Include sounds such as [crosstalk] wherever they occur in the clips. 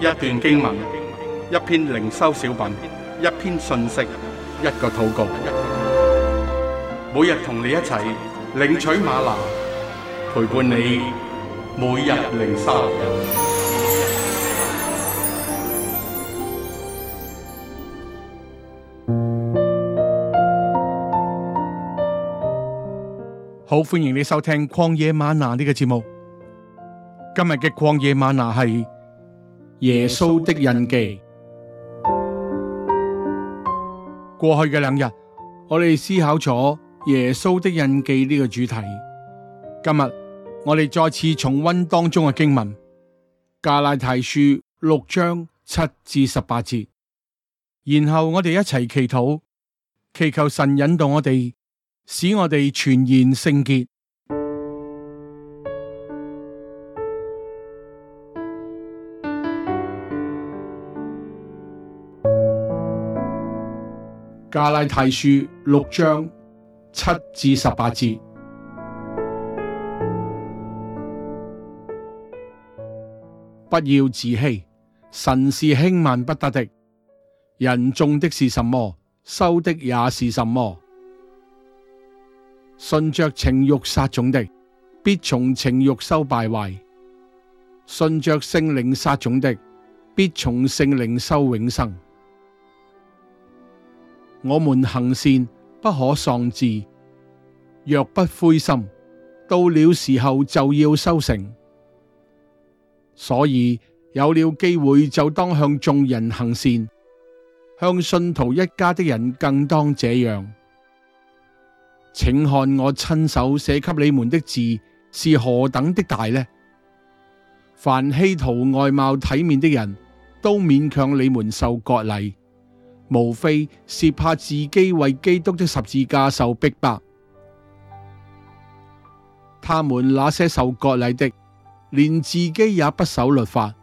一段經文，一篇靈修小品，一篇信息，一個禱告。每日同你一齊領取嗎哪，陪伴你每日靈修。好，歡迎你收聽曠野嗎哪呢個節目。今日嘅曠野嗎哪係。耶穌的印記。過去嘅兩日，我哋思考咗耶穌的印記呢個主題。今日我哋再次重温當中嘅經文《加拉太書》六章七至十八節，然後我哋一齊祈禱，祈求神引導我哋，使我哋全然聖潔。加拉太書六章七至十八節， [music] 不要自欺，神是輕慢不得的。人種的是什麼，收的也是什麼。順着情欲撒種的，必從情欲收敗壞；順着聖靈撒種的，必從聖靈收永生。我們行善不可喪志，若不灰心，到了時候就要收成。所以有了機會就當向眾人行善，向信徒一家的人更當這樣。請看我親手寫給你們的字是何等的大呢？凡希圖外貌體面的人都勉強你們受割禮。無非是怕自己為基督的十字架受逼迫，他們那些受割禮的，連自己也不守律法，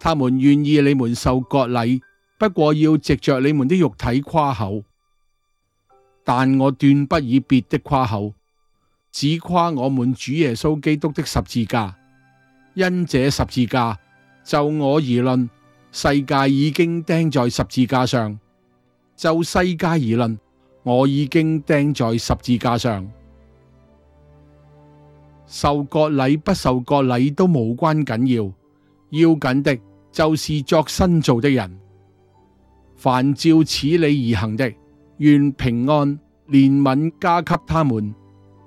他們願意你們受割禮，不過要藉着你們的肉體誇口，但我斷不以別的誇口，只誇我們主耶穌基督的十字架，因這十字架，就我而論。世界已經釘在十字架上，就世界而論，我已經釘在十字架上。受割禮不受割禮都無關緊要，要緊的就是作新造的人。凡照此理而行的，願平安憐憫加給他們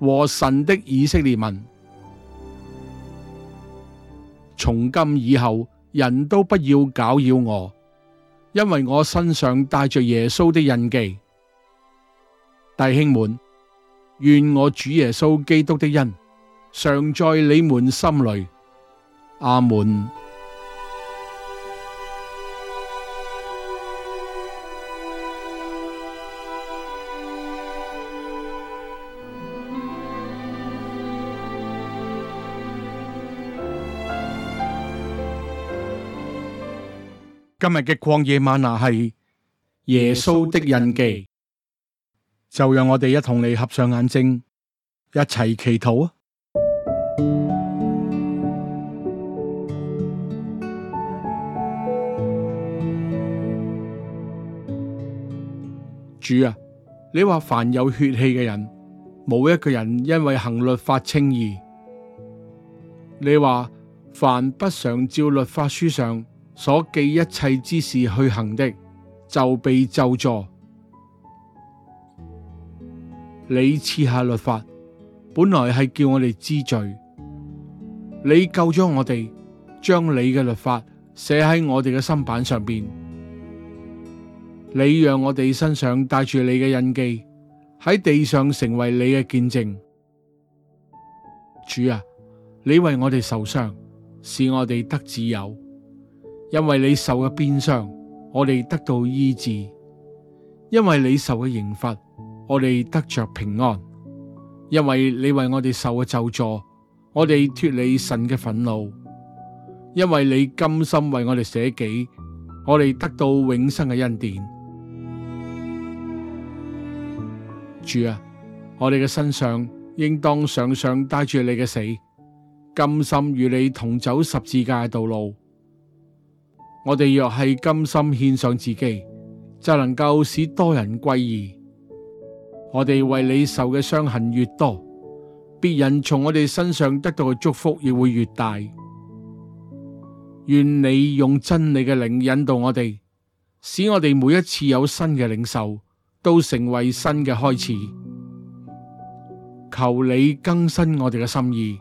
和神的以色列民。從今以後。人都不要攪擾我，因為我身上帶着耶穌的印記。弟兄們，願我主耶穌基督的恩常在你們心裏。阿門。今日嘅曠野嗎哪係耶穌的印記，印記就讓我哋一同你合上眼睛，一齊祈禱啊！主啊，你話凡有血氣嘅人，冇一個人因為行律法稱義。你話凡不常照律法書上。所記一切之事去行的，就被咒詛。你賜下律法，本來係叫我哋知罪。你救咗我哋，將你嘅律法寫喺我哋嘅心版上邊。你讓我哋身上帶住你嘅印記，喺地上成為你嘅見證。主啊，你為我哋受傷，使我哋得自由。因為你受嘅鞭傷，我哋得到醫治；因為你受嘅刑罰，我哋得着平安；因為你為我哋受嘅咒詛，我哋脫離神嘅憤怒；因為你甘心為我哋捨己，我哋得到永生嘅恩典。主啊，我哋嘅身上應當常常帶住你嘅死，甘心與你同走十字架嘅道路。我哋若係甘心獻上自己，就能夠使多人歸義。我哋為你受嘅傷痕越多，別人從我哋身上得到嘅祝福亦會越大。願你用真理嘅靈引導我哋，使我哋每一次有新嘅領受，都成為新嘅開始。求你更新我哋嘅心意，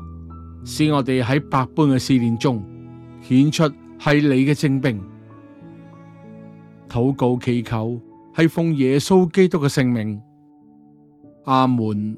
使我哋喺百般嘅試煉中顯出，係你嘅精兵，禱告祈求係奉耶穌基督嘅聖名，阿門。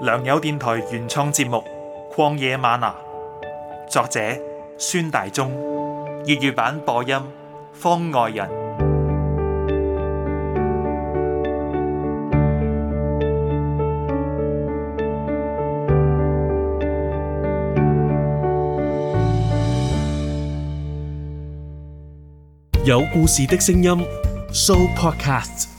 良友電台原創節目《曠野嗎哪》，作者孫大中，粵語版播音方外人，有故事的聲音，Show Podcast。